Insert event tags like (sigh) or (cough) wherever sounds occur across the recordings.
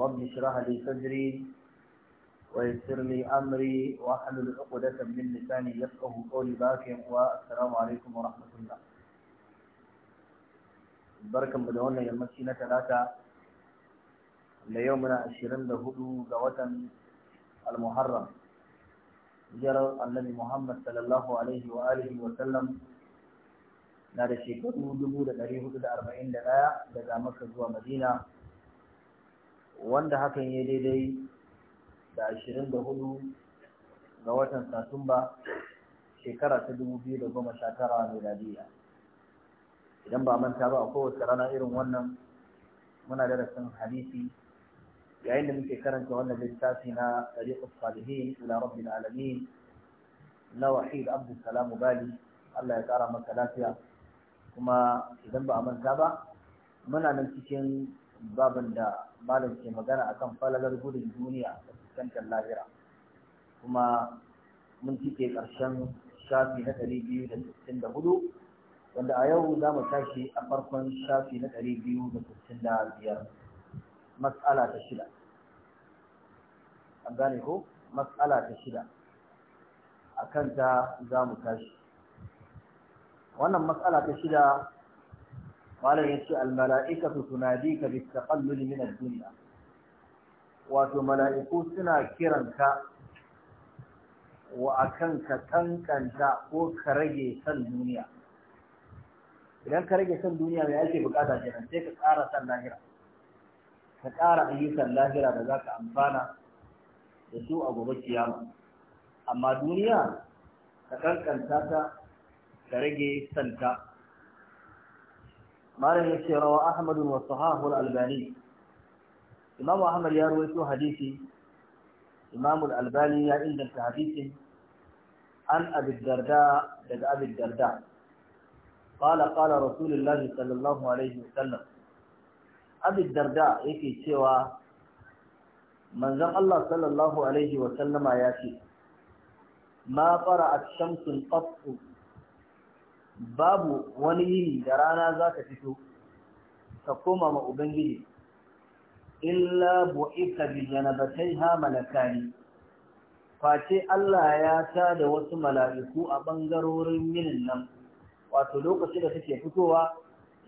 رب اشرح لي صدري ويسر لي امري واحلل عقدة من لساني يفقه قولي باكي والسلام عليكم ورحمة الله بركة يا مسكينة ثلاثة ليومنا عشرين لهدو قوة المحرم جرى النبي محمد صلى الله عليه واله وسلم na da shekaru dubu da ɗari hudu da arba'in da ɗaya daga maka zuwa madina wanda hakan ya daidai da 24 ga watan Satumba shekara ta 2019 miladiya idan ba manta ba a kowace rana irin wannan muna darasin hadisi yayin da muke karanta wannan littafi na tariqus salihin ila rabbil alamin na wahid abdul salam bali Allah ya kara maka lafiya kuma idan ba a manta ba muna nan cikin babin da malam ke magana akan falalar gudun duniya da fuskantar lahira kuma mun cike ƙarshen shafi na ɗari biyu da sittin da hudu wanda a yau za mu tashi a farkon shafi na ɗari biyu da sittin da biyar matsala ta shida an gane ko matsala ta shida a kanta za mu tashi wannan matsala ta shida malam ya ce almala'ikatu suna bi taqallul min ad duniya. wato mala'iku suna kiranka wa kan ka kankanta ko ka rage san duniya idan ka rage san duniya mai ake bukata kenan sai ka ƙara san lahira ka ƙara ayyukan lahira da za ka amfana da su a gobe kiyama amma duniya ka kankanta ta ka rage santa malam ya ce rawa ahmad wa sahahu albani imam ahmad ya rawaito hadisi imam albani ya inganta hadisin an abid darda daga abid darda qala qala rasulullahi sallallahu alaihi wasallam Abid darda yake cewa manzon Allah sallallahu alaihi wasallama ya ce ma qara'at shamsun qattu babu wani yini da rana za ta fito Ka koma ma ubangiji illa bu'ika bi janabataiha kari. face Allah ya ta da wasu mala'iku a bangarorin yinin nan wato lokacin da suke fitowa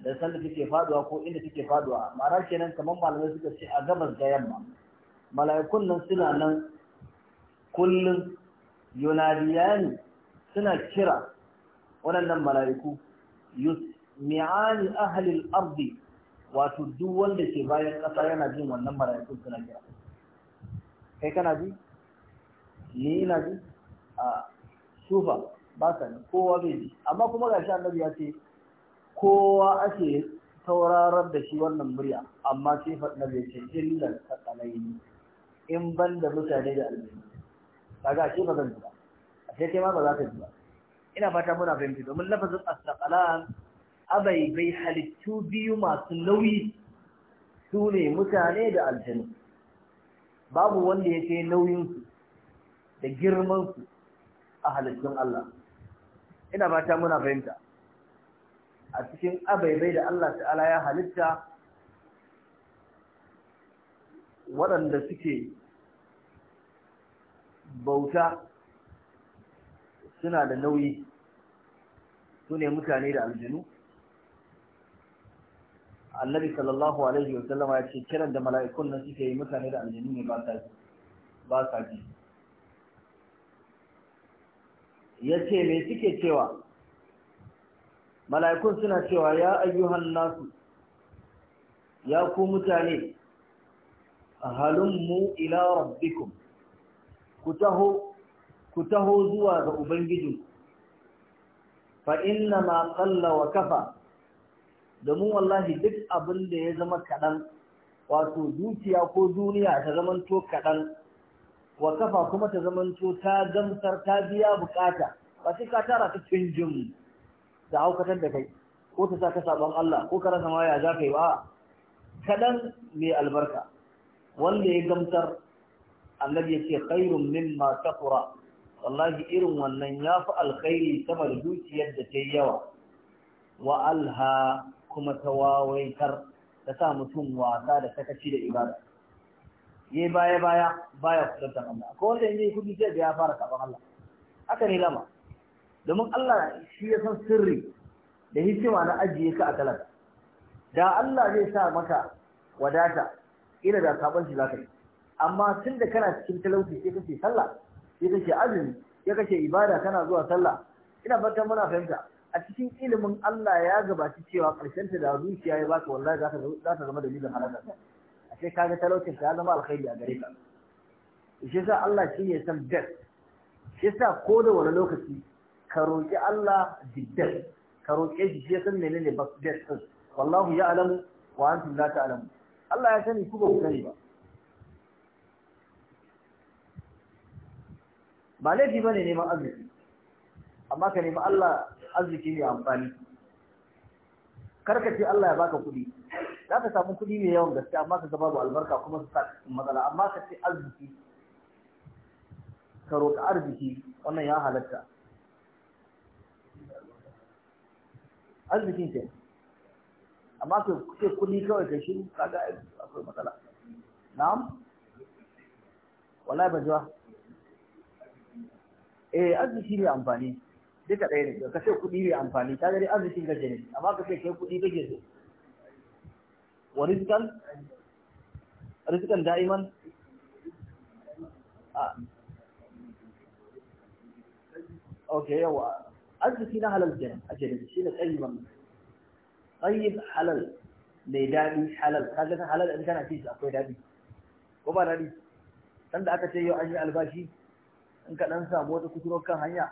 da sanda suke faduwa ko inda suke faduwa mara kenan kamar malamai suka ce a gabas da yamma mala'ikun nan suna nan kullum yunadiyani suna kira waɗannan mala'iku yusmi'ani ahlil ardi wato duk wanda ke bayan ƙasa yana jin wannan mala'ikun suna kira kai kana ji ni ina ji a sufa ba sa ne kowa bai ji amma kuma shi annabi ya ce kowa ake taurarar da shi wannan murya amma sai faɗa bai ce illar sakalaini in ban da mutane da aljihu kaga ashe ba zan ji ba ashe kai ma ba za ka ji ba ina fata muna fahimta domin lafazin astaqalan abai bai halittu biyu masu nauyi su ne mutane da aljanu babu wanda ya ce nauyinsu da girmansu a halittun Allah ina fata muna fahimta a cikin abaibai da Allah ta'ala ya halitta waɗanda suke bauta suna da nauyi su ne mutane da aljinu annabi sallallahu alaihi wa sallama ya ce kiran da mala'ikun nan suke yi mutane da aljinu ne ba sa ba sa ji me suke cewa mala'ikun suna cewa ya ayyuhan nasu ya ku mutane mu ila rabbikum ku taho ku taho zuwa ga ubangiji fa inna ma qalla wa kafa domin wallahi duk abin da ya zama kaɗan wato dukiya ko duniya ta zamanto kaɗan wa kafa kuma ta zamanto ta gamsar ta biya bukata ba shi ka tara ta canjin da aukatar da kai ko ta sa ka Allah ko ka rasa maya za ka yi ba kaɗan mai albarka wanda ya gamsar Allah ya ce khairun mimma taqra wallahi irin wannan ya fi alkhairi sama da dukiyar da ta yi yawa wa alha kuma ta wawaitar ta sa mutum wasa da sakaci da ibada ya baya baya baya kudantar Allah ko wanda yanzu kudi sai da ya fara karɓar Allah haka ne lama domin Allah shi ya san sirri da hikima na ajiye ka a talaka da Allah zai sa maka wadata ina da sabon shi ka yi amma tun da kana cikin talauci sai kake sallah ya kashe azumi ya kashe ibada kana zuwa sallah ina fatan muna fahimta a cikin ilimin Allah ya gabaci cewa karshen ta da zuciya ya baka wallahi za ta za ta zama dalilin halaka a sai kaga talaucin ta zama alkhairi a gare ka shi yasa Allah shi ne san best shi yasa ko da wani lokaci ka roƙi Allah bidda ka roke shi shi san menene best wallahu ya'lamu wa antum la ta'lamun Allah ya sani ku ba ku sani ba ba laifi ba ne neman arziki amma ka nemi Allah arziki ne amfani ka ce Allah ya baka kuɗi za ka samu kuɗi mai yawan gaske amma ka ba albarka kuma su sa matsala amma ka ce arziki ka roƙi arziki wannan ya halatta arzikin ke amma ka ce kuɗi kawai ka shiru kaga akwai matsala na'am wallahi ba jiwa eh arziki ne amfani duka ɗaya ne ka ce kuɗi ne amfani ta gari arzikin gaje ne amma ka ce kai kuɗi kake so wa rizqan rizqan da'iman a okay yawa arziki na halal kenan a ce shi ne tsayiban tsayib halal mai daɗi halal kaga halal in kana ci akwai daɗi ko ba daɗi sanda aka ce yau an yi albashi in ka dan samu wata kusurwar kan hanya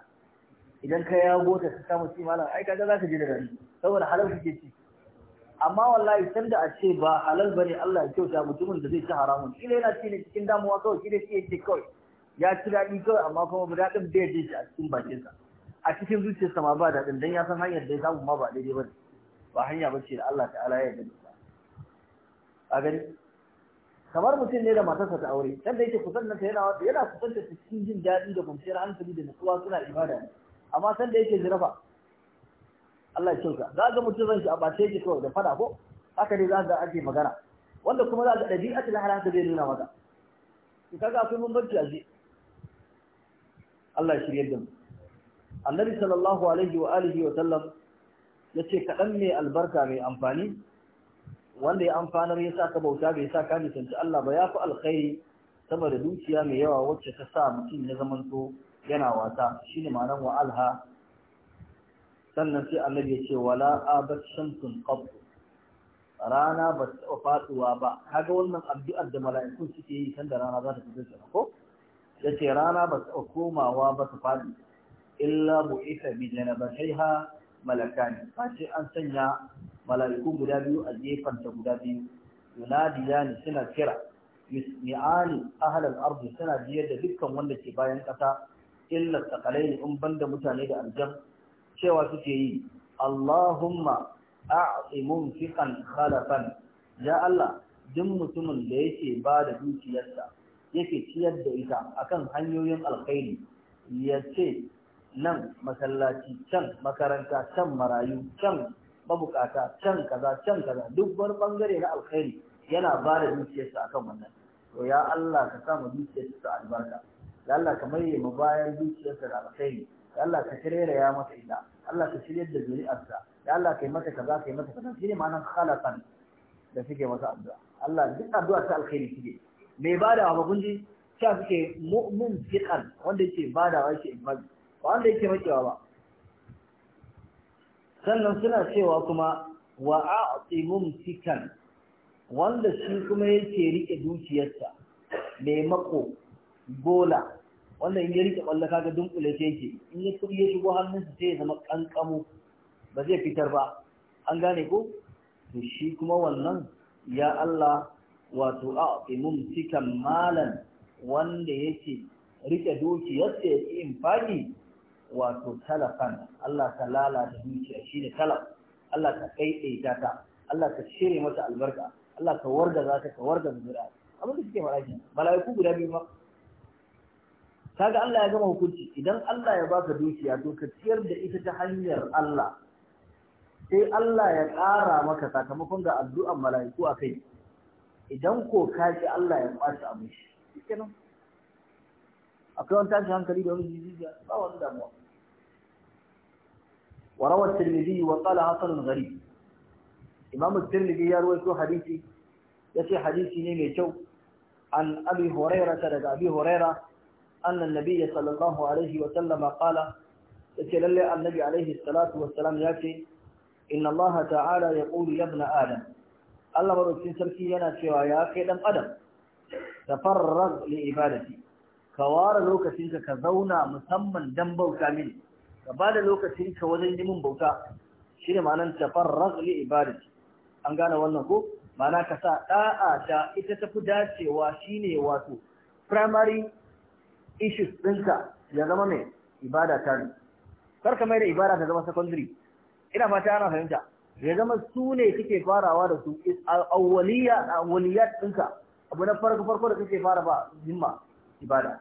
idan ka ya gota ta samu ci malam ai kaga zaka je da dadi saboda halal ke ci amma wallahi san da a ce ba halal bane Allah ya kyauta mutumin da zai ci haramun kila yana ci ne cikin damuwa kawai kila shi yake kawai ya ci daɗi kawai amma kuma ba daɗin da ya je shi a cikin bakinsa a cikin zuciyarsa ma ba daɗin dan ya san hanyar da ya samu ma ba daidai bane ba hanya bace da Allah ta'ala ya gani da a gani kamar mutum ne da matarsa ta aure dan da yake kusantanta yana yana kusantanta cikin jin daɗi da kwanciyar hankali da nutsuwa suna ibada ne amma san da yake jirafa Allah ya kyauta za ga mutum zan shi a bace yake kawai da fada ko haka ne za ga ake magana wanda kuma za ga ɗabi'atul halaka zai nuna maka to kaga akwai bambanci a ji Allah ya shirye da mu Annabi sallallahu alaihi wa alihi wa sallam yace kaɗan ne albarka mai amfani wanda ya amfanar ya sa ka bauta bai sa ka nisanci Allah ba ya fi alkhairi saboda dukiya mai yawa wacce ta sa mutum ya zamanto yana wasa shine ma'anar wa alha sannan sai annabi ya ce wala abat shamsun qab rana ba ta faduwa ba kaga wannan addu'ar da mala'ikun suke yi sanda rana za ta fito ko yace rana ba ta komawa ba ta fadi illa bu'itha bi janabataiha malakani fa sai an sanya mala'iku guda biyu a jefanta guda biyu yunadiyani suna kira yusmi'ani ahlan ardi suna biyar da dukkan wanda ke bayan kasa illa sakalaini in banda mutane da aljan cewa suke yi Allahumma a'ti munfiqan khalafan ya Allah duk mutumin da yake ba da dukiyarsa yake ciyar da ita akan hanyoyin alkhairi ya ce nan masallaci can makaranta can marayu can mabukata can kaza can kaza duk wani bangare na alkhairi yana ba da zuciyarsa kan wannan to ya Allah ka sa mu zuciyarsa albarka ya Allah ka maye mu bayan zuciyarsa da alkhairi ya Allah ka shirya ya masa ita Allah ka shirya da zuri'arsa ya Allah kai mata kaza kai mata kaza shine ma'anar khalaqan da suke masa addu'a Allah duk addu'a ta alkhairi suke mai badawa ba kunji sha suke mu'min fiqan wanda yake badawa yake imani wanda yake makewa ba sannan suna cewa kuma wa a'ti sikan, wanda shi kuma yake rike dukiyarsa mai mako gola wanda in ya rike balla kaga dunkule ce yake in ya kuɗi ya shigo hannunsa sai ya zama kankamo ba zai fitar ba an gane ko to shi kuma wannan ya Allah wato a'ti sikan malan wanda yake rike dukiyarsa ya in infaki wato talafan Allah ta lalata zuciya ne talaf Allah ta kaidaita ta Allah ta shirya mata albarka Allah ka warga za ta ka warga zuciya abin da suke fara shi mala'iku guda biyu ma kaga Allah ya gama hukunci idan Allah ya baka dukiya to ka ciyar da ita ta hanyar Allah sai Allah ya ƙara maka sakamakon ga addu'an mala'iku a kai idan ko ka ji Allah ya kwace abin shi kenan akwai wani tashin hankali da wani jijiya ba wani damuwa وروى الترمذي وقال حسن غريب إمام الترمذي يروي حديثي يسي حديثي نيمي شو عن أبي هريرة لدى أبي هريرة أن النبي صلى الله عليه وسلم قال يتلل النبي عليه الصلاة والسلام يأتي إن الله تعالى يقول يا ابن آدم الله مرسين سركي ينا شوى يا أخي دم أدم تفرغ لإبادتي كوار لوك سنك كذونا مسمى دنبو كامل ka ba da ka wajen yi min bauta shi ne ma'anar tafarraz li ibadati an gane wannan ko ma'ana ka sa da'a ta ita tafi dacewa shine wato primary issues ɗinka ya zama mai ibada ta ne kar ka mai da ibada ta zama secondary ina fata ana fahimta ya zama su ne kake farawa da su awwaliya ɗinka abu na farko farko da kake fara ba himma ibada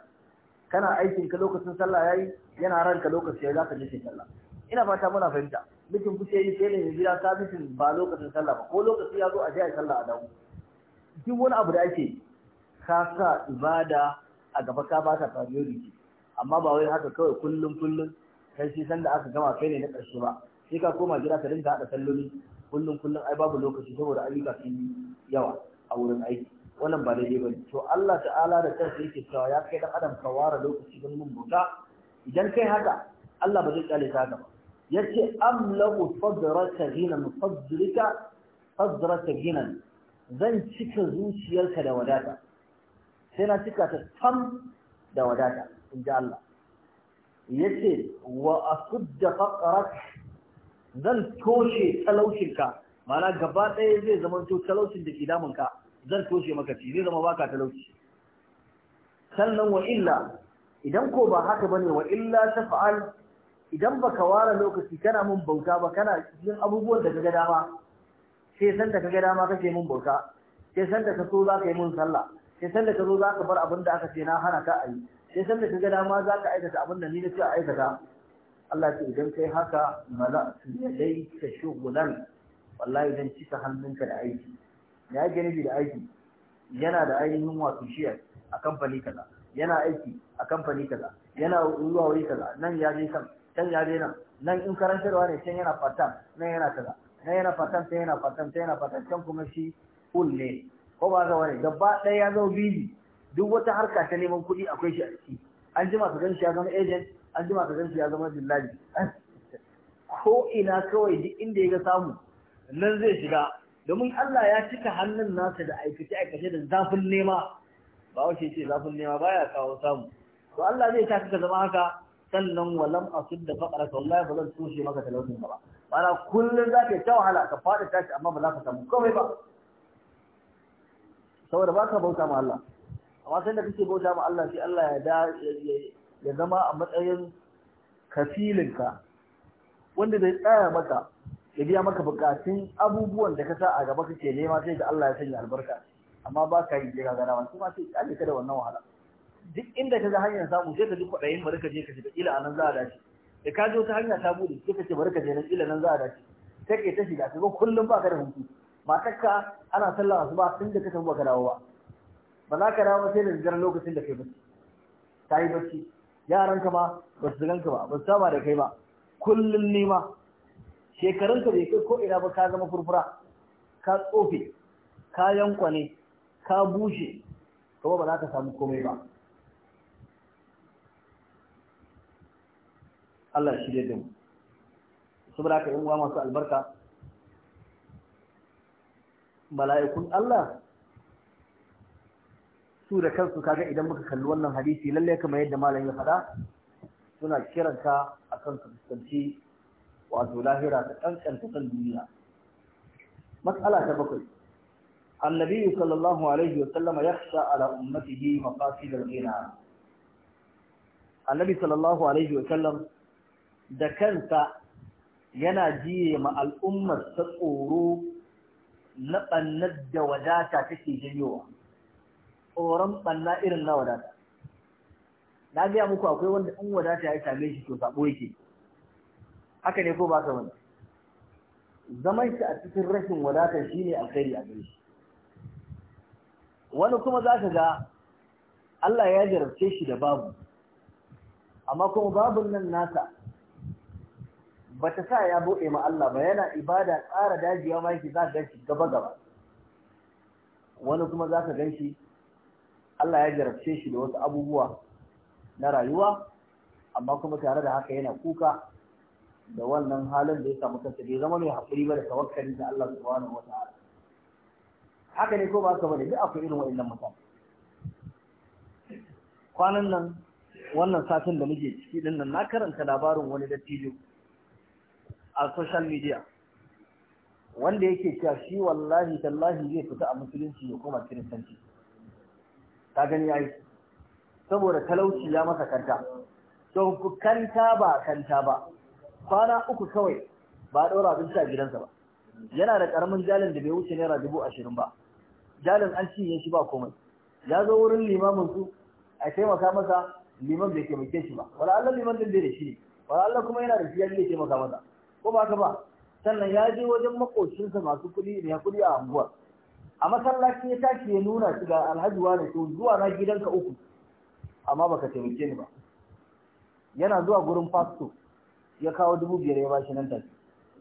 kana aikin ka lokacin sallah yayi yana ranka lokaci sai zaka je sallah ina fata muna fahimta mutum kuce yi sai ne gida sabisin ba lokacin sallah ba ko lokaci ya zo a jiya sallah a dawo duk wani abu da ake ka sa ibada a gaba ka ba ta priority amma ba wai haka kawai kullum kullum kai shi sanda aka gama kai ne na karshe ba sai ka koma gida ka dinga haɗa salloli kullum kullum ai babu lokaci saboda ayyuka sun yawa a wurin aiki wannan ba daidai bane to Allah ta'ala da kansa yake cewa ya kai da adam ka ware lokaci don mun bauta idan kai haka Allah ba zai kale ka ba yace am lahu sadraka ghinan sadrika sadraka zan cika zuciyarka da wadata sai na cika ta tam da wadata in ji Allah yace wa asudda faqrak zan toshe ka? ma'ana gaba ɗaya zai zama to talaucin da ke damunka zan toshe maka ci zai zama baka talauci sannan wa illa idan ko ba haka bane wa illa taf'al idan baka ware lokaci kana mun bauta ba kana yin abubuwan da kaga dama sai san da kaga dama kake mun bauta sai san da kaso zaka yi mun sallah sai san da kazo zaka bar abin da aka ce na hana ka ayi sai san da kaga dama zaka aikata abin da ni na ce aikata Allah ce idan kai haka mala'tu yadayka shughlan wallahi dan cika hannunka da aiki ya ake bi da aiki yana da ainihin wato shiyar a kamfani kaza yana aiki a kamfani kaza yana zuwa wuri kaza nan ya je kan can ya je nan nan in karantarwa ne can yana fatan nan yana kaza nan yana fatan can yana fatan can yana fatan can kuma shi full ne ko ba ga wani gaba ɗaya ya zo bibi duk wata harka ta neman kuɗi akwai shi a ciki an jima ka gan shi ya zama agent an jima ka gan shi ya zama dillaji (laughs) ko ina kawai duk inda ya ga samu nan zai shiga domin Allah ya cika hannun nasa da aikace aikace da zafin nema ba wace ce zafin nema baya kawo samu to Allah zai ta ka zama haka sannan walam asud da faqara wallahi ba zan toshe maka talaucin ka ba mana kullun za ka ta wahala ka fada tashi amma ba za ka samu komai ba saboda baka bauta ma Allah amma sai da kake bauta ma Allah sai Allah ya da ya zama a matsayin kafilinka wanda zai tsaya maka ya biya maka bukatun abubuwan da ka sa a gaba kake nema sai da Allah ya sanya albarka amma ba ka yi jira ga rawan kuma sai ka ka da wannan wahala duk inda ka ga hanyar samu sai ka ji kwadayin bari ka je ka shiga ila nan za a dace da ka je ta hanya ta bude sai ka ce bari ka je nan ila nan za a dace sai ka ta shiga kaga kullum ba ka da hutu matarka ana sallah asuba tun da ka tafi ba ka dawo ba ba za ka dawo sai da jiran lokacin da kai bacci ta yi bacci yaranka ma ba su ganka ba ba su saba da kai ba kullum nema shekarunka bai kai ko ina ba ka zama furfura ka tsofe ka yankwa ne, ka bushe kuma ba za ka samu komai ba Allah shi da mu saboda ka yin masu albarka mala'ikun Allah su da kansu kaga idan muka kalli wannan hadisi lallai kamar yadda malam ya faɗa suna kiranka akan su fuskanci wato lahira ta kankanta kan duniya matsala ta bakwai annabi sallallahu alaihi wa sallam yakhsha ala ummatihi maqasid al-ghina annabi sallallahu alaihi wa sallam da kansa yana jiye ma al'ummar ta tsoro na bannar da wadata take janyowa tsoron banna irin na wadata na gaya muku akwai wanda in wadata ya same shi to sabo yake haka ne ko ba ka wani zaman shi a cikin rashin wadata shi ne alkhairi a gari wani kuma za ka ga Allah ya jarabce shi da babu amma kuma babun nan nasa ba ta sa ya buɗe ma Allah ba yana ibada tsara dajiya ma yake za ka gan shi gaba gaba wani kuma za ka gan shi Allah ya jarabce shi da wasu abubuwa na rayuwa amma kuma tare da haka yana kuka da wannan halin da ya samu kansa bai zama mai haƙuri ba da tawakkali da Allah subhanahu wata'ala haka ne ko ba haka bane duk akwai irin wa'annan mutane kwanan nan wannan satin da muke ciki din nan na karanta labarin wani dattijo a social media wanda yake cewa shi wallahi tallahi zai fita a musulunci ya koma kiristanci ka gani yayi saboda talauci ya masa kanta to kanta ba kanta ba kwana uku kawai ba ɗora abinci a gidansa ba yana da ƙaramin jalin da bai wuce naira dubu ashirin ba jalin an cinye shi ba komai ya zo wurin limamin su a taimaka masa liman bai taimake shi ba wala Allah liman din bai da shi wala Allah kuma yana da shi ya je taimaka masa ko ba ka ba sannan ya je wajen makocinsa masu kuɗi da kuɗi a unguwar a masallaci ya tashi ya nuna shi ga alhaji wani to zuwa na gidanka uku amma baka taimake ni ba yana zuwa gurin fasto ya kawo dubu biyar ya bashi nan take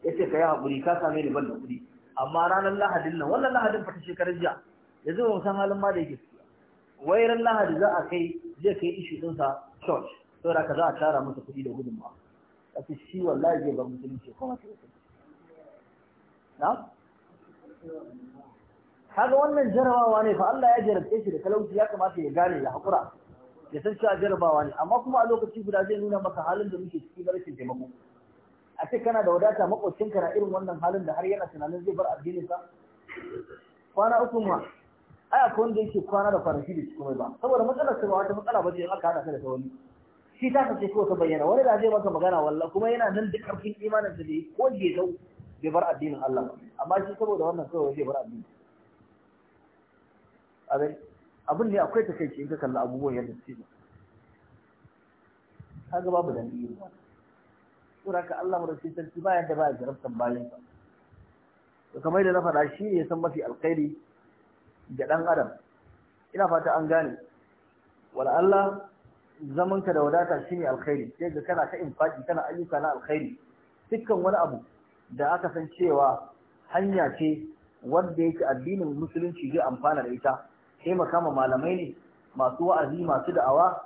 ya ce ka yi haƙuri ka same ban da kuɗi amma ranar lahadin nan wannan lahadin fata shekarar jiya ya zo san halin ma da yake wai ran lahadi za a kai zai kai ishu ɗinsa church saboda ka za a tara masa kuɗi da gudunma a ce shi wallahi zai ba musulunci ce masu ce na? kaga wannan jarabawa ne fa Allah ya jarabce shi da talauci ya kamata ya gane ya haƙura ya san cewa jarabawa ne amma kuma a lokaci guda zai nuna maka halin da muke ciki na rashin taimako a ce kana da wadata ka na irin wannan halin da har yana tunanin zai bar addinin sa kwana uku ma ai akwai wanda yake kwana da kwanaki da cikin ba saboda matsalar ta ba wata matsala ba ce aka hada ta da ta wani shi ta kace ko ta bayyana wani da zai maka magana walla kuma yana nan duk karfin imanin da yi ko je dau bai bar addinin Allah amma shi saboda wannan kawai zai bar addini a abin ne akwai takaici in ka kalli abubuwan yadda suke kaga babu da iya ba sura ka Allah mu rasul sarki ba yadda ba ya jarabtan bayan ka to kamar da na faɗa shi ne san mafi alkhairi ga dan adam ina fata an gane wala Allah zamanka da wadata shi ne alkhairi sai ga kana ka infaki kana ayyuka na alkhairi dukkan wani abu da aka san cewa hanya ce wanda yake addinin musulunci zai amfana da ita taimaka ma malamai ne masu wa'azi masu da'awa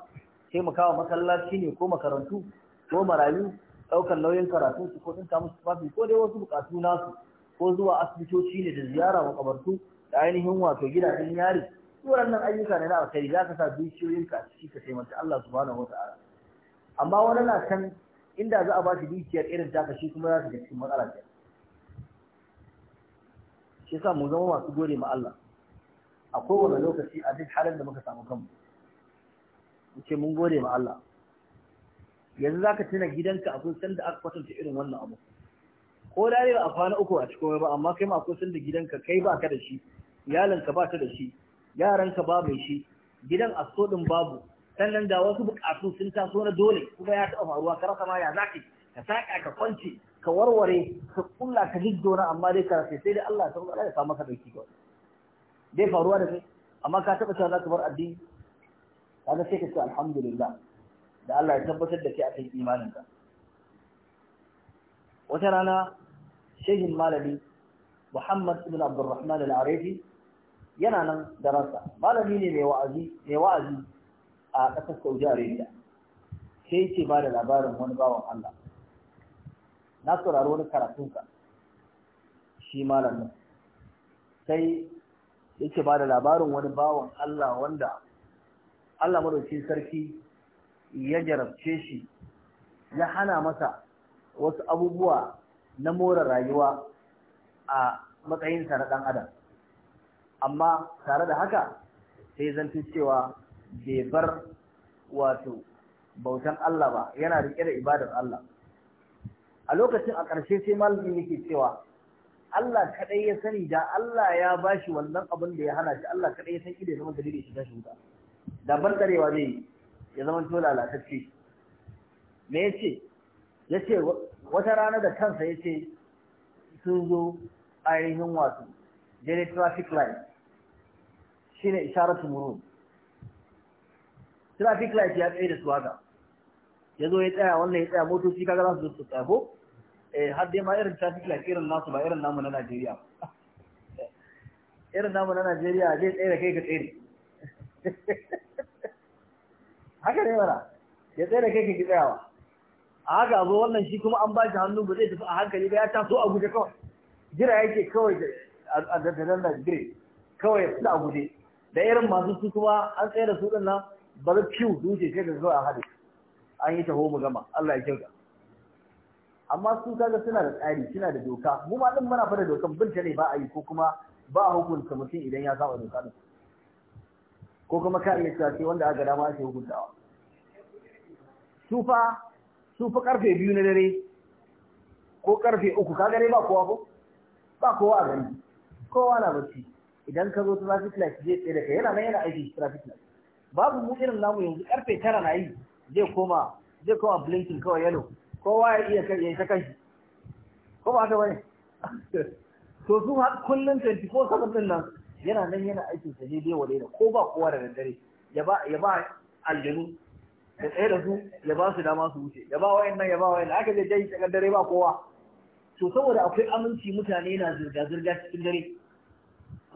taimaka kama masallaci ne ko makarantu ko marayu ɗaukar nauyin karatu su ko tsinta musu tufafi ko dai wasu buƙatu nasu ko zuwa asibitoci ne da ziyara makabartu da ainihin wato gidajen yari nan ayyuka ne na alkhairi za ka sa dukiyoyin ka ciki ka taimaka Allah subhanahu wata'ala amma wani na kan inda za a ba shi dukiyar irin taka shi kuma za ka ga cikin matsala ce shi sa mu zama masu gode ma Allah a kowane lokaci a duk halin da muka samu kanmu ce mun gode ma Allah yanzu zaka tuna gidanka akwai sanda aka kwatanta irin wannan abu ko da yau a kwana uku a cikin ba amma kai ma akwai sanda gidanka kai ba ka da shi iyalanka ba ta da shi yaranka ba mai shi gidan a so din babu sannan da wasu bukatu sun taso na dole kuma ya taɓa faruwa ka rasa ma ya zaki ka saka ka kwance ka warware ka kulla ka na amma dai ka sai dai Allah ta ya samu maka dauki kawai bai faruwa da kai amma ka taɓa cewa za ka bar addini kaga sai ka ce alhamdulillah da Allah ya tabbatar da kai a kan imaninka wata rana shehin malami Muhammad ibn Abdurrahman al-Arifi yana nan darasa malami ne mai wa'azi mai wa'azi a ƙasar Saudi Arabia sai yake ba da labarin wani bawan Allah na saurari wani karatunka shi malamin sai yake ba da labarin wani bawan Allah wanda Allah madaukin sarki ya jarabce shi ya hana masa wasu abubuwa na more rayuwa a matsayinsa na ɗan adam amma tare da haka sai zanci cewa bai bar wato bautan Allah ba yana riƙe da ibadar Allah a lokacin a ƙarshe sai malamin yake cewa Allah kadai ya sani da Allah ya bashi wannan abin da ya hana shi Allah kadai ya san ido ya zama dalilin shiga shi wuta da ban karewa zai ya zama to lalatacce me ya ce? Ya ce wata rana da kansa ya ce sun zo ainihin wato Jere traffic light shine isharatu muru traffic light ya tsaye da su haka ya zo ya tsaya wannan ya tsaya motoci kaga za su zo su tsaya ko eh har dai ma irin traffic light irin nasu ba irin namu na Najeriya (laughs) irin namu na Najeriya zai tsere kai ka tsere (laughs) haka ne mana ya tsere kai ka ki tsayawa a haka abu wannan shi kuma an ba shi hannu ba zai tafi a hankali ba ya taso a guje kawai jira yake kawai a dandadan na gire kawai ya fita a guje da irin masu su kuma an tsaye da su ɗin nan ba zai fiw duce sai da zuwa a hadu an yi taho mu gama Allah ya kyauta amma su kaga suna da tsari suna da doka mu ma din muna fara dokan bin ta ne ba a yi ko kuma ba a hukunta mutum idan ya saba doka din ko kuma ka iya cewa wanda aka dama ake hukuntawa su fa su fa karfe biyu na dare ko karfe uku ka gare ba kowa ko ba kowa a gari kowa na bacci idan ka zo traffic light zai tsaye da kai yana nan yana aiki traffic light babu mu irin namu yanzu karfe tara na yi zai koma zai koma blinking kawai yellow kowa ya iya kai ya ta kai ko ba ta bane to su har kullun 24/7 din nan yana nan yana aikin sa dai wa daidai ko ba kowa da dare. ya ba ya ba aljanu da tsaye da su ya ba su dama su wuce ya ba wayan nan ya ba wayan aka je dai tsakar dare ba kowa to saboda akwai aminci mutane na zirga zirga cikin dare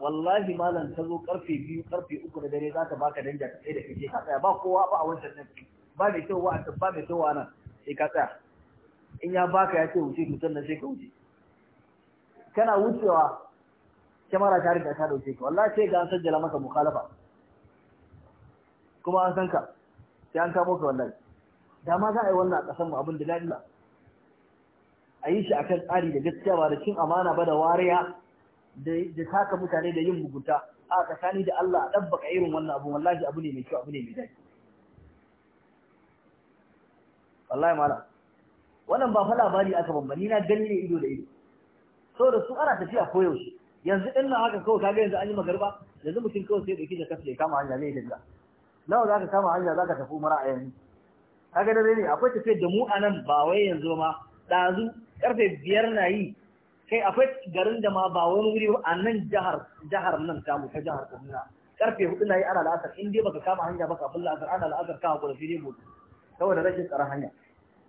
wallahi malam ta zo karfe biyu karfe uku da dare za ta baka danja ta tsaye da kake ka tsaya ba kowa ba a wancan nan ba mai kyau wa a ba mai kyau wa nan sai ka tsaya in ya baka ya ce wuce to nan sai ka wuce kana wucewa kyamara ta riga ta dauke ka wallahi sai ga an sajjala maka mukhalafa kuma an san ka sai an kamo ka wallahi da ma za a yi wannan a kasan mu abin da dadi ba a yi shi akan tsari da gaskiya ba da cin amana ba da wariya da taka mutane da yin mugunta a tsakani da Allah a dabbaka irin wannan abu wallahi abu ne mai kyau abu ne mai daɗi wallahi malam wannan ba fa labari aka bambani na gani ne ido da ido saboda su ana tafiya koyaushe yanzu din nan haka kawai kaga yanzu an yi magarba yanzu mutum kawai sai da jakarsa ya kama hanya ya dinga nawa ka kama hanya zaka tafi umara a yanzu kaga da ne akwai tafiyar da mu a nan ba wai yanzu ma ɗazu karfe biyar na yi kai akwai garin da ma ba wani wuri a nan jihar jihar nan ta mu ta jihar Kaduna karfe hudu na yi ana la'asar in dai baka kama hanya baka bin la'asar ana la'asar kawo kuɗa sai gobe saboda rashin tsaron hanya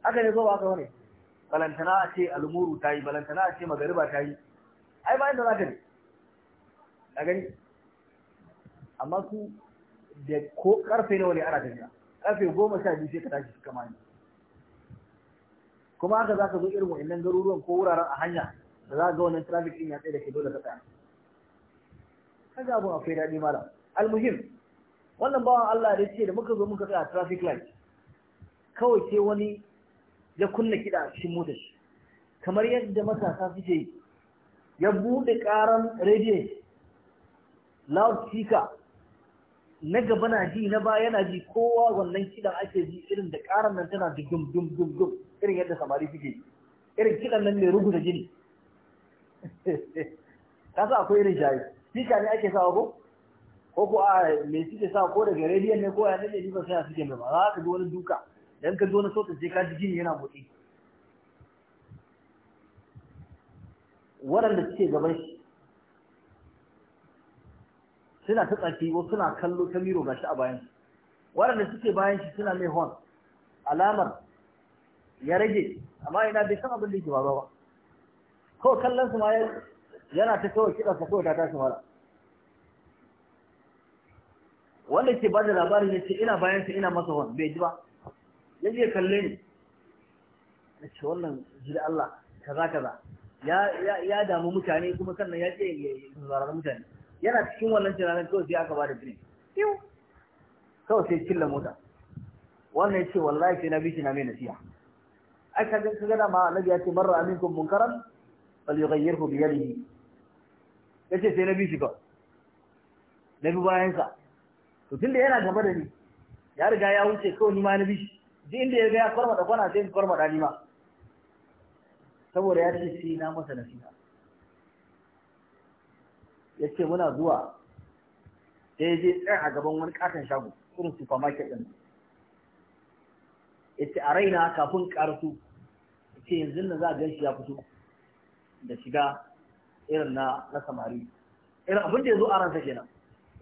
haka ne zo ba ka wani balantana a ce almuru ta yi balantana a ce magariba ta yi ai bayan da za ka ne a gani amma su da ko karfe nawa ne ana tafiya karfe goma sha biyu sai ka tashi suka mani kuma haka za ka zo irin wa'annan garuruwan ko wuraren a hanya da za ga wannan traffic din ya tsaye da ke dole ka tsaya ga abun akwai daɗi malam almuhim wannan bawan Allah da ce da muka zo muka tsaya traffic light kawai ce wani ya kunna kiɗa a cikin motar shi kamar yadda matasa suke yi ya buɗe ƙaran rediyon loudspeaker na gaba na ji na baya na ji kowa wannan kiɗan ake ji irin da ƙaran nan tana dum dum dum dum irin yadda samari suke yi irin kiɗan nan mai rubuta gini (laughs) ka sa akwai irin shayi speaker ne ake sawa ko ko ko a me suke sa ko daga rediyon ne ko ya ne ne ba sai suke mai ba za ka ji wani duka dan ka na so sautin sai ka jini yana motsi waɗanda suke gaban shi suna ta tsaki ko suna kallo ta miro gashi a bayan waɗanda suke bayan shi suna mai hon alamar ya rage amma ina bai san abin da yake faruwa ba ko kallon su ma yana ta kawai kiɗa sa kawai ta tashi mara wanda ke bada labarin ya ce ina bayan sa ina masa hon bai ji ba ya je kalle ni a ce wannan ji Allah kaza kaza ya damu mutane kuma sannan ya ce ya zarar mutane yana cikin wannan tunanin kawai sai aka ba da fili yau kawai sai killa mota wannan ya ce wallahi sai na bi shi na mai nasiha ai ka ga gada ma annabi ya ce marra aminkum munkaran fal yughayyirhu bi yadihi ce sai na bi shi ba, na bi bayan sa to tunda yana gaba da ni ya riga ya wuce kawai ni ma na bi shi din da ya ga ya kwarma da kwana sai in kwarma da lima saboda ya ce sai na masa nasiha ya ce muna zuwa sai ya je tsaya a gaban wani katon shago irin supermarket ɗin ya ce a raina kafin karatu ya ce yanzu na za a gan shi ya fito da shiga irin na na samari irin abin da ya zo a ransa kenan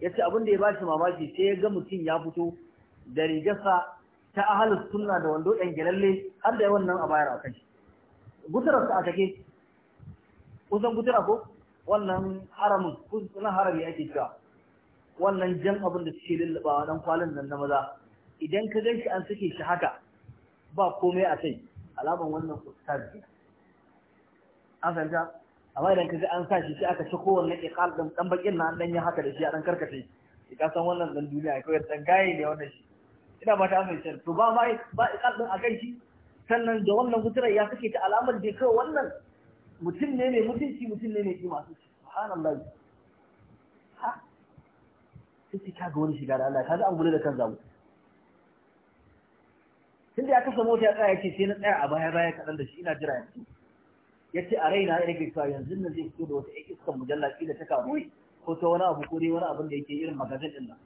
ya ce abin da ya ba shi mamaki sai ya ga mutum ya fito da rigarsa ta ahalus sunna da wando ɗan gilalle har da wannan a bayar a kai guturar su a take kusan gutura ko wannan haramin kusan harami ake cewa wannan jan abin da suke lullaba dan kwalin nan na maza idan ka shi an suke shi haka ba komai a kai alaman wannan ustaz ne an fahimta amma idan ka ga an sa shi sai aka ci kowanne iqal din dan bakin nan dan yi haka da shi a dan karkace ka san wannan dan duniya kawai dan gaye ne wannan shi ina ba ta amince to ba ma ba kan a kan shi sannan da wannan guturar ya kake ta alamar da kai wannan mutum ne mai mutunci mutum ne mai kima subhanallah ha sai ka ga wani shiga da Allah ka ga an gure da kan zamu tun da ya kasa mota ya tsaya ce sai na tsaya a baya baya kaɗan da shi ina jira yanzu ya ce a raina ya rage cewa yanzu nan zai fito da wata ikiskan mujalla kila ta kawo ko ta wani abu ko dai wani abin da yake irin magazin din nan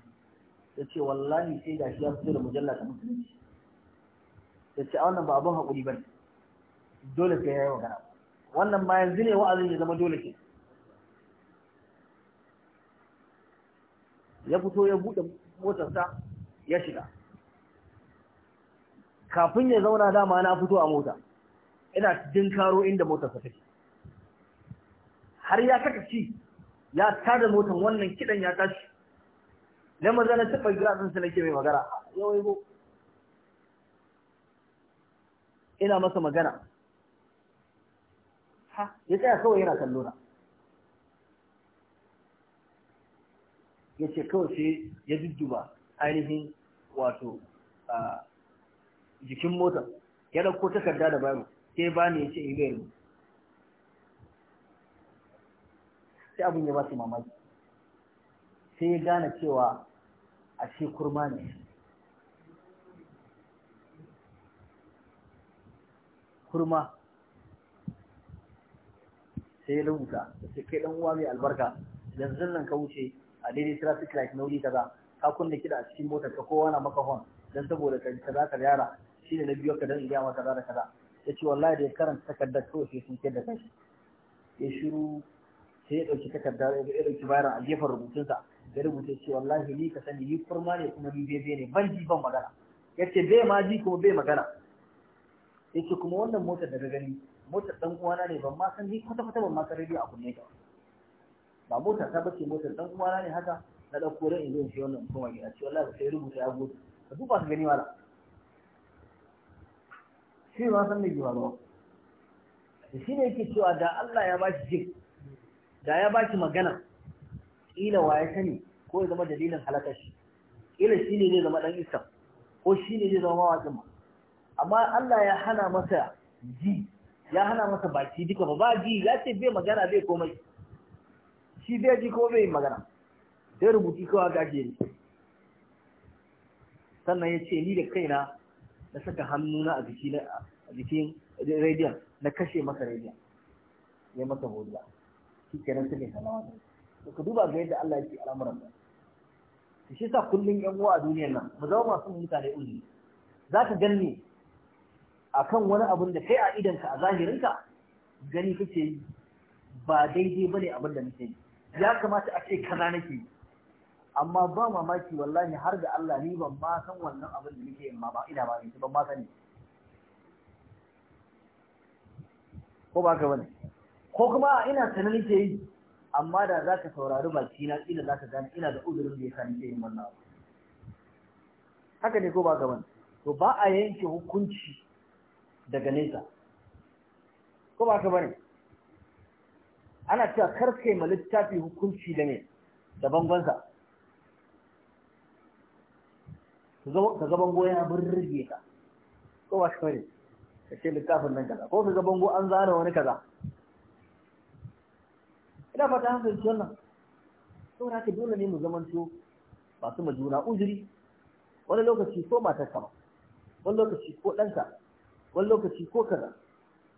ya ce wallahi sai gashi ya fito da mujalla ta musulunci ya ce a wannan ba abin haƙuri ba ne dole sai ya yi magana wannan ma yanzu ne wa'azin ya zama dole ke ya fito ya buɗe motarsa ya shiga kafin ya zauna dama na fito a mota ina karo inda motarsa take har ya saka ci ya tada motar wannan kidan ya tashi na maza na taɓa gira ɗinsa nake mai magana ya waigo ina masa magana ha ya tsaya kawai yana kallo na ya ce kawai sai ya dudduba ainihin wato jikin motar ya ɗauko takarda da bayan sai ba ni ya ce in gairu sai abin ya ba su mamaki sai ya gane cewa ashe kurma ne kurma sai ya rubuta da sai kai dan uwa mai albarka yanzu nan ka wuce a daidai traffic light na wuri kaza ka kunna kiɗa a cikin motar ka kowa na maka hon dan saboda ka kaza ka yara shine na biyo ka dan iya maka kaza da kaza yace wallahi da karanta takardar kawai sai sun kiyar da kai ya shiru sai ya ɗauki takardar ya ɗauki bayar a gefen rubutunsa ya rubuta ce wallahi ni ka sani ni kurma ne kuma ni bebe ne ban ji ban magana yace bai ma ji kuma bai magana yace kuma wannan motar daga gani motar dan uwana ne ban ma san ni kwata kwata ban ma san rediyo a kunne ta ba motar ta bace motar dan uwana ne haka na dauko ran in zo wannan kuma gida ce wallahi sai rubuta ya gode ka duba ka gani wala shi ma san me ji ba shi ne yake cewa da Allah ya shi jin da ya shi magana Ƙila wa ya sani ko ya zama dalilin halakar shi ƙila shi ne zai zama dan isa ko shi ne zai zama mawaƙin amma Allah ya hana masa ji ya hana masa baki duka ba ba ji ya ce bai magana bai komai shi bai ji ko bai magana sai rubuci kawai gaje ne sannan ya ce ni da kaina na saka hannuna a jikin rediyon na kashe masa rediyon ya masa hodiya shi kenan ne salawa ne to ka duba ga yadda Allah yake al'amuran ka shi sa kullun yan uwa a duniyar nan mu zama masu mutane uzuri za ka ganni akan wani abun da kai a ka a zahirin ka, gani kake yi ba daidai bane abin da nake yi ya kamata a ce kaza nake yi amma ba mamaki wallahi har da Allah ni ban ma san wannan abin da nake yi ma ba ina ba ban ma sani ko ba ka bane ko kuma ina sanin nake yi amma da za ka saurari baki na ina za ka gane ina da uzurin da ya sani yin wannan abu haka ne ko ba gaban to ba a yanke hukunci daga nesa ko ba ka bane ana cewa kar kai ma littafi hukunci da ne da bangonsa ka ga bango ya birge ka ko ba ka bane ka ce littafin nan kaza ko ka ga bango an zana wani kaza ina fata haka fahimci wannan saboda haka dole ne mu zamanto masu majuna uzuri wani lokaci ko matar kama, wani lokaci ko ɗanka wani lokaci ko kaza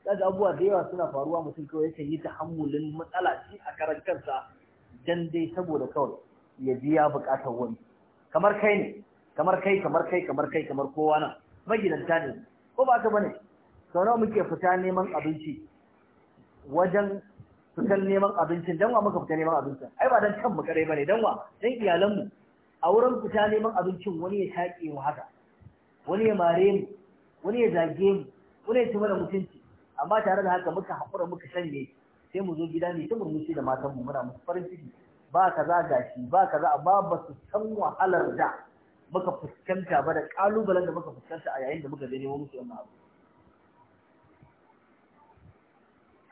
kaga abubuwa da yawa suna faruwa mutum kawai yakan yi tahammulin matsala shi a karan kansa dan dai saboda kawai ya biya buƙatar wani kamar kai ne kamar kai kamar kai kamar kai kamar kowa nan magidanta ne ko ba ka bane sau nawa muke fita neman abinci wajen fitar neman abincin dan muka fita neman abincin ai ba dan kan mu kare bane dan wa dan iyalan mu a wurin fita neman abincin wani ya shaƙe mu haka wani ya mare mu wani ya zage mu wani ya ci mana mutunci amma tare da haka muka haƙura muka shanye sai mu zo gida ne ta murmushi da matan mu muna musu farin ciki ba kaza gashi ba kaza amma ba su san wahalar da muka fuskanta ba da kalubalen da muka fuskanta a yayin da muka zai neman musu wannan abu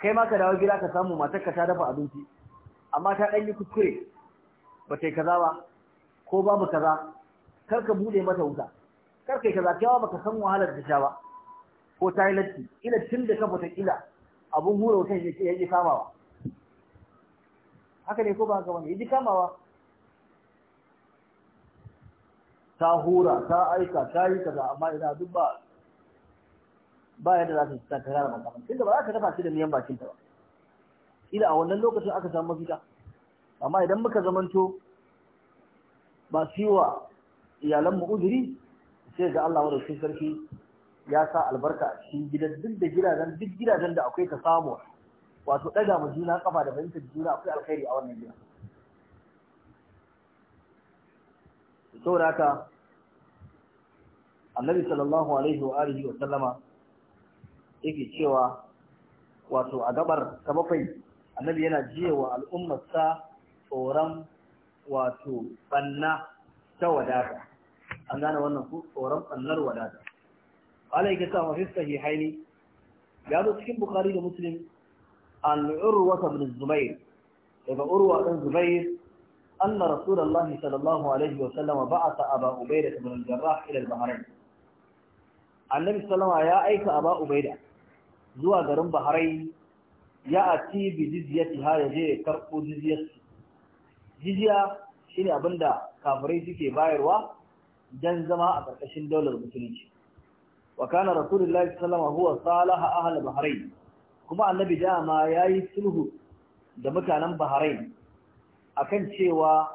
kai ma ka dawo gida ka samu matar ka ta dafa abinci amma ta ɗan yi kuskure ba ta yi kaza ba ko mu kaza kar ka buɗe mata wuta kar ka yi kaza ba baka san wahalar da sha ba ko ta yi latti ila tun da ka fata kila abun hura wutan ya yi kamawa haka ne ko ba haka wani, ya ji kamawa ta hura ta aika ta yi kaza amma ina duk ba ba yadda za su ta kara makaman tun da ba za ka dafa shi da miyan bakin ta ba ila a wannan lokacin aka samu mafita amma idan muka zamanto ba su yi wa iyalan mu uzuri sai ga Allah wanda shi sarki ya sa albarka a cikin gidan duk da gidajen duk gidajen da akwai ta samu wato ɗaga mu juna kafa da fahimtar juna akwai alkhairi a wannan gida saboda haka annabi sallallahu alaihi wa alihi wa sallama yake cewa wato a gabar ta bakwai annabi yana jiyewa al'ummarsa tsoron wato banna ta wadata an gane wannan ku tsoron bannar wadata ala yake sa mafi sahihaini ya zo cikin bukari da muslim an urwa ibn zubair daga urwa dan zubair أن رسول الله صلى الله عليه وسلم بعث أبا عبيدة بن الجراح إلى البحرين النبي صلى الله عليه وسلم يا أيك أبا عبيدة zuwa garin Bahrain ya ati bi jizyati ha yaje ya karɓo jizyarsu jizya shine abinda kafirai suke bayarwa dan zama a ƙarƙashin daular musulunci wa kana rasulullahi sallama huwa salaha ahli bahrain kuma annabi dama yayi sulhu da mutanen bahrain akan cewa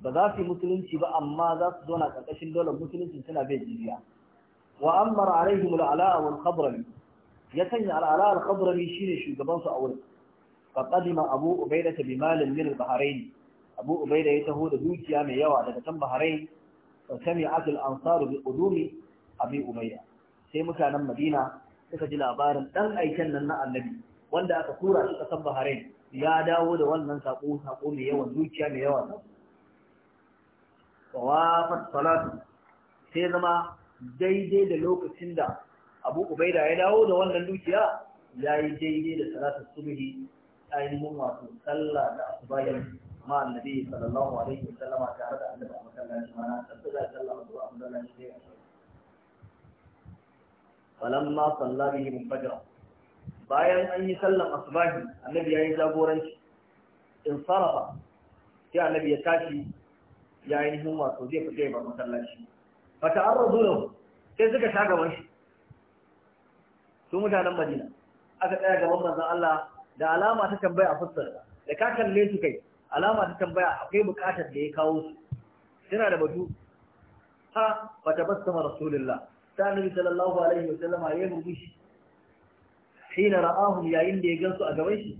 ba za su musulunci ba amma za su zo na ƙarƙashin daular musulunci suna bai jizya wa amara alaihim al'ala wal khabrami ya sanya al'ala al shi shine shugaban su a wurin fa abu ubaida bi malin min al abu ubaida ya taho da dukiya mai yawa daga can da fa sami'at al-ansar bi a abi ubaida sai mutanen madina suka ji labarin ɗan aiken nan na annabi wanda aka tura shi kasan bahrain ya dawo da wannan saƙo-saƙo mai yawan dukiya mai yawa sako tawafat salatu sai zama daidai da lokacin da abu ubaida ya dawo da wannan dukiya ya yi daidai da salatu yi ainihin wato sallah da asubahin ma annabi sallallahu alaihi wa sallama tare da annabi a masallaci mana sai da sallah abu abdullahi sai falamma salla min mufajjal bayan an yi sallan asubahi annabi ya yi jagoranci in sarafa sai annabi ya tashi ya mun wato zai fita ya bar masallaci fata an razu sai suka sha gaban shi su mutanen madina aka tsaya gaban manzon Allah da alama ta tambaya a fuskar da ka kalle su kai alama ta tambaya akwai bukatar da ya kawo su Yana da batu ha fa tabassama rasulullah ta nabi sallallahu alaihi wa sallam ya rubi shi hina ra'ahum yayin da ya gansu a gaban shi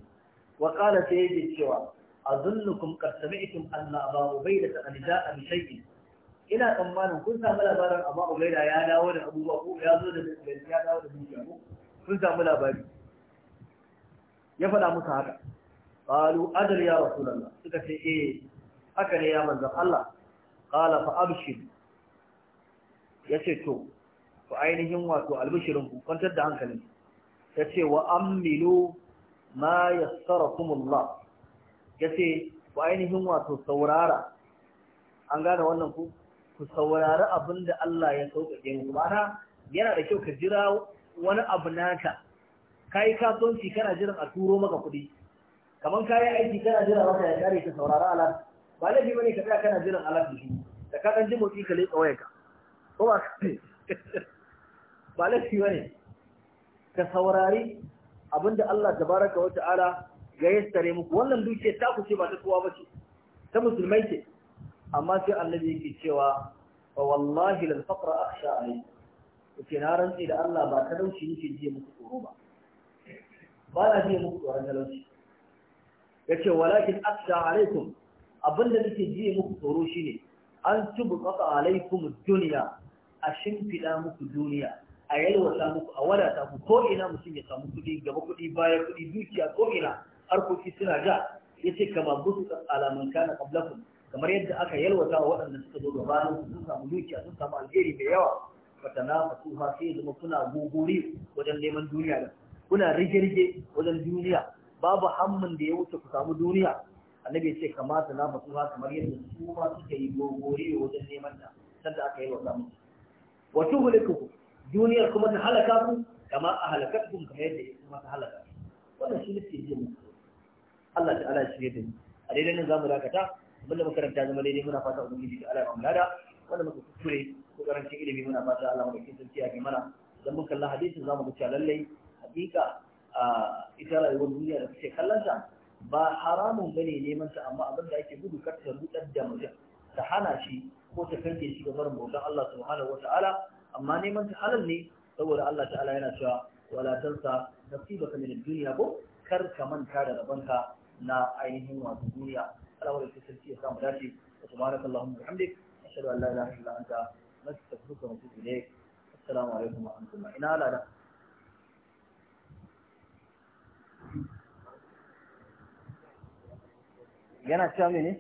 wa qala sai yake cewa azunnukum qad sami'tum anna aba ubayda qad ja'a bi shay'in ina tsammanin kun samu labarin aba ubayda ya dawo da abubuwa ko ya zo da ya dawo da dukiya ko sun samu labari ya faɗa musu haka qalu adal ya rasulullah suka ce eh haka ne ya manzon Allah qala fa abshir ce to ku ainihin wato albishirin ku kwantar da hankalin ce wa amilu ma Ya ce ku ainihin wato saurara an gane wannan ku ku saurari abin da Allah ya sauƙaƙe ba ta yana da kyau ka jira wani abu naka ka yi kasuwanci kana jiran a turo maka kuɗi kamar ka yi aiki kana jiran maka ya kare ka saurara alat ba laifi bane ka tsaya kana jiran alat da shi da ka ɗan ji motsi ka leƙa wayarka ko ba ka (laughs) ba laifi bane ka saurari abinda Allah Ta baraka wa ta'ala ya tsare muku wannan dukiyar ta ku ce ba ta kowa ba ce ta musulmai ce amma sai annabi yake cewa fa wallahi lal faqra akhsha alaykum kuke na rantsi da Allah ba talauci nake jiye muku tsoro ba ba na jiye muku tsoron talauci yace walakin aksha alaikum abinda nake jiye muku tsoro shine an tubqata alaikum duniya a shimfida muku duniya a yalwata muku a wadata ku ko ina mutum ya samu kuɗi gaba kuɗi baya kuɗi dukiya ko ina harkoki suna ja yace kama busu alaman kana qablakum kamar yadda aka yalwata wa waɗanda suka zo gabanin sun samu dukiya sun samu alheri mai yawa fatanafasuha sai zama kuna gogore wajen neman duniya da kuna rige-rige wajen duniya babu hammin da ya wuce ku samu duniya annabi ce kamata na fasuha kamar yadda su ma suka yi gogore wajen neman ta sanda aka yi wa samu wa tuhliku duniyar kuma ta halaka ku kama a halakatkum kamar yadda ya kuma ta halaka wannan shi ne ji muku Allah ta'ala shi ne da ni a daidai nan zamu dakata abinda makaranta zama daidai muna fata ubangiji da Allah ya mamlada wanda muka kuskure ko karancin ilimi muna fata Allah mu kin santiya ga mana dan mun kalla hadisin zamu ga cewa lalle hakika ita rayuwar duniya da kake kallanta ba haramun bane neman ta amma abin da ake gudu kar ta rudar da mutum ta hana shi ko ta kange shi ga barin bautan Allah subhanahu wataala amma neman ta halal ne saboda Allah ta'ala yana cewa wala tansa nasibaka min ad-dunya ko kar ka manta da rabanka na ainihin wato duniya Allah wa sarki ya samu dace subhanakallahumma wa bihamdika ashhadu an la ilaha illa anta nastaghfiruka wa natubu ilayk assalamu alaikum wa rahmatullahi ina alada yana cewa ne ne?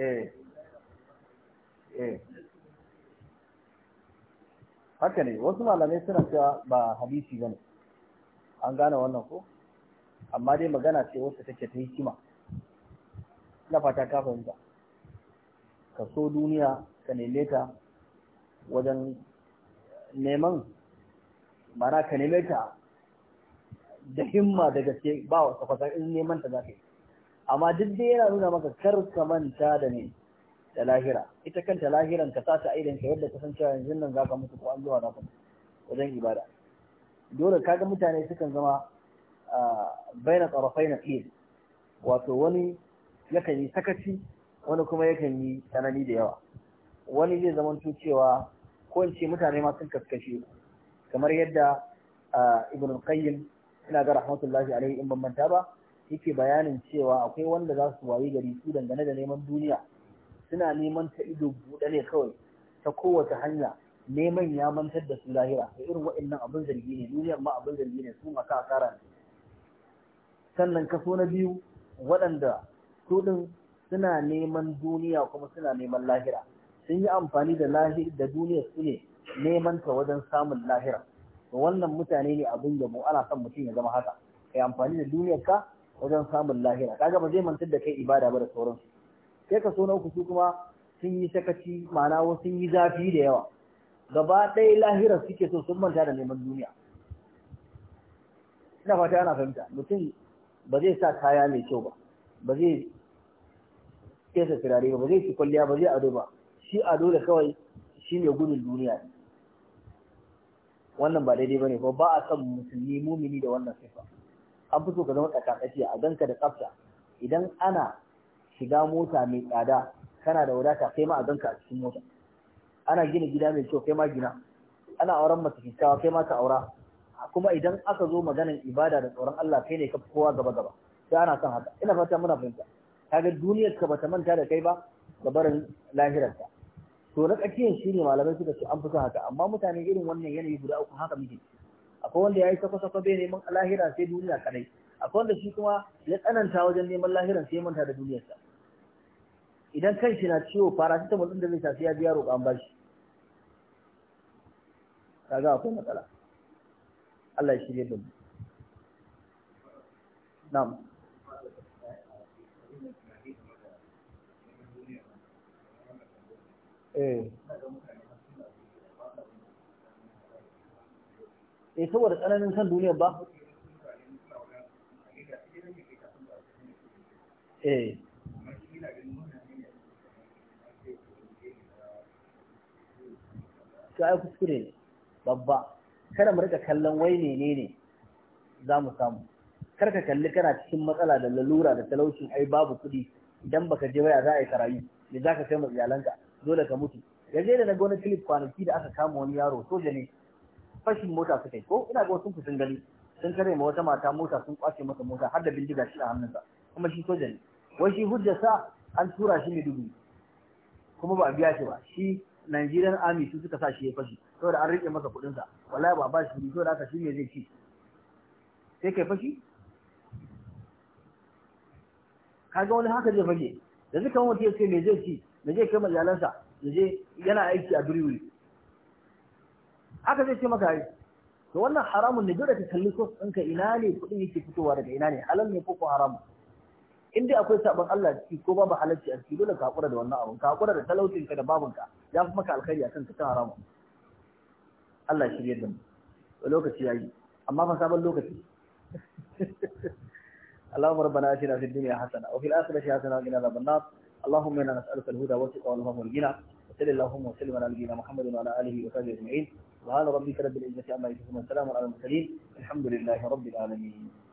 eh eh haka ne wasu malamai suna cewa ba hadisi ba ne an gane wannan ko amma dai magana ce wasu take ta hikima na fata ka fahimta ka so duniya ka neme ta wajen neman mana ka neme ta da himma da gaske ba wa kwatar in neman ta za yi amma duk da yana nuna maka kar ka manta da ne da lahira ita kanta lahiran ka sata aidan ka yadda cewa yanzu nan za ka mutu ko an zuwa za ka mutu wajen ibada dole kaga mutane sukan zama ah, baina tsarafai na fiye wato wani yakan yi sakaci wani kuma yakan yi tsanani da yawa wani zai zama cewa ko mutane ma sun kaskashe kamar yadda ibn qayyim ina ga rahmatullahi alaihi in ban manta ba yake bayanin cewa akwai wanda za su wayi gari su dangane da neman duniya suna neman ta ido buɗe ne kawai ta kowace hanya neman ya mantar da su lahira da irin waɗannan abin zargi ne duniyar ma abin zargi ne su masu asara ne sannan kaso na biyu waɗanda su ɗin suna neman duniya kuma suna neman lahira sun yi amfani da lahir da duniya su ne neman ta wajen samun lahira to wannan mutane ne abin mu ana son mutum ya zama haka kai amfani da duniyar ka wajen samun lahira kaga ba zai mantar da kai ibada ba da sauransu sai ka so na uku su kuma sun yi sakaci ma'ana wasu sun yi zafi da yawa gaba ɗaya lahirar suke so sun manta da neman duniya ina fata ana fahimta mutum ba zai sa kaya mai kyau ba ba zai kesa turare ba zai ci kwalliya ba zai ado ba shi ado da kawai shi ne gudun duniya wannan ba daidai ba ne ba ba a san musulmi mumini da wannan sifa an fito ka zama tsakatsaki a ganka da tsafta idan ana shiga mota mai tsada kana da wadata kai ma a ganka a cikin mota ana gina gida mai kyau kai ma gina ana auren mace kyakkyawa kai ma ka aura kuma idan aka zo maganar ibada da tsoron Allah kai ne ka fi kowa gaba gaba sai ana son haka ina fata muna fahimta kaga duniyar ka bata manta da kai ba ga barin lahirar to na tsakiyar ne malamai suka ce an fi son haka amma mutane irin wannan yanayi guda uku haka muke akwai wanda ya yi sako-sako bai neman lahira sai duniya kadai akwai wanda shi kuma ya tsananta wajen neman lahira sai manta da duniyarsa idan kan shi na ciwo paracetamol din da zai tafi ya biya roƙo an bashi kaga akwai matsala Allah ya shirye da mu na'am Eh. eh saboda tsananin san duniya ba eh ai kuskure babba kada mu rika kallon wai menene za mu samu kar ka kalli kana cikin matsala da lalura da talaucin ai babu kuɗi idan baka je waya za a yi karayi me za ka kai mu iyalanka dole ka mutu yanzu da na ga wani clip kwanaki da aka kama wani yaro soja ne fashin mota suka yi ko ina ga wasu sun gani sun kare ma wata mata mota sun kwace masa mota har da bindiga shi a hannunsa kuma shi soja ne wai shi hujjarsa an tura shi dubu kuma ba a biya shi ba shi Nigerian Army su suka sa shi ya fashi saboda an rike masa kuɗinsa wallahi ba ba shi ne saboda haka shi ne zai ci sai kai fashi kaga wani haka zai fage da duka wata ya ce me zai ci ya je kai majalansa ya je yana aiki a duriwuri haka zai ce maka to wannan haramun ne dole ka kalli ko ɗinka ina ne kuɗin yake fitowa daga ina ne halal ne ko ko haramun in dai akwai sabon Allah ciki ko babu halalci a ciki dole ka hakura da wannan abun ka hakura da talaucin ka da babun ka ya fi maka alkhairi akan ka ta haramun Allah shirye da mu lokaci ya yi, amma fa sabon lokaci اللهم ربنا اتنا في الدنيا حسنه وفي الاخره حسنه وقنا عذاب النار اللهم إنا نسألك الهدى والتقى والهدى والغنى وصل اللهم وسلم على نبينا محمد وعلى آله وصحبه أجمعين سبحان ربك رب العزة عما يصفون وسلام على المرسلين الحمد لله رب العالمين